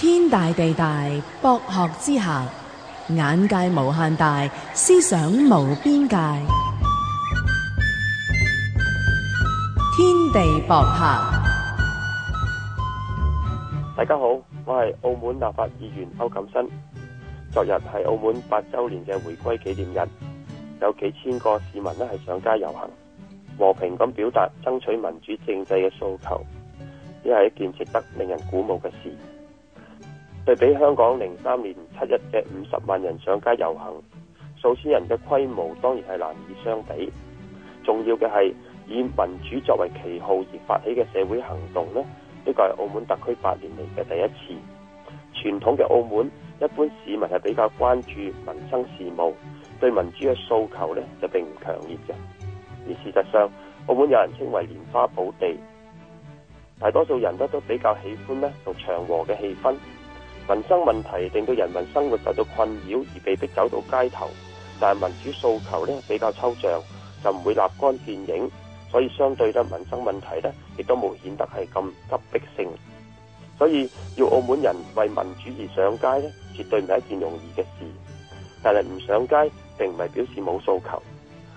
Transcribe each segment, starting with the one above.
天大地大，博學之下，眼界無限大，思想無邊界。天地博客，大家好，我係澳門立法議員區錦新。昨日係澳門八周年嘅回歸紀念日，有幾千個市民都係上街遊行，和平咁表達爭取民主政制嘅訴求，呢係一件值得令人鼓舞嘅事。對比香港零三年七一嘅五十萬人上街遊行，數千人嘅規模當然係難以相比。重要嘅係以民主作為旗號而發起嘅社會行動呢呢個係澳門特區八年嚟嘅第一次。傳統嘅澳門，一般市民係比較關注民生事務，對民主嘅訴求呢就並唔強烈嘅。而事實上，澳門有人稱為蓮花寶地，大多數人都比較喜歡呢同祥和嘅氣氛。民生問題令到人民生活受到困擾而被逼走到街頭，但係民主訴求呢，比較抽象，就唔會立竿見影，所以相對嘅民生問題呢亦都冇顯得係咁急迫性，所以要澳門人為民主而上街呢絕對唔係一件容易嘅事。但係唔上街並唔係表示冇訴求，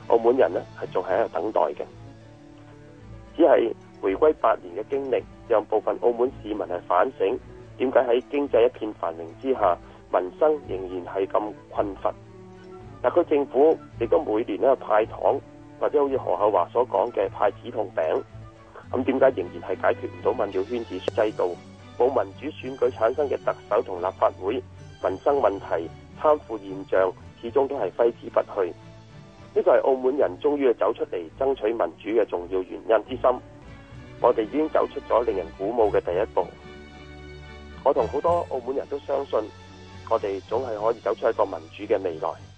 澳門人呢，係仲係喺度等待嘅，只係回歸八年嘅經歷讓部分澳門市民係反省。點解喺經濟一片繁榮之下，民生仍然係咁困乏？特區政府亦都每年都有派糖，或者好似何厚鏵所講嘅派止痛餅，咁點解仍然係解決唔到民調圈子制度、冇民主選舉產生嘅特首同立法會、民生問題、貪腐現象，始終都係揮之不去？呢個係澳門人終於啊走出嚟爭取民主嘅重要原因之心。我哋已經走出咗令人鼓舞嘅第一步。我同好多澳門人都相信，我哋總係可以走出一個民主嘅未來。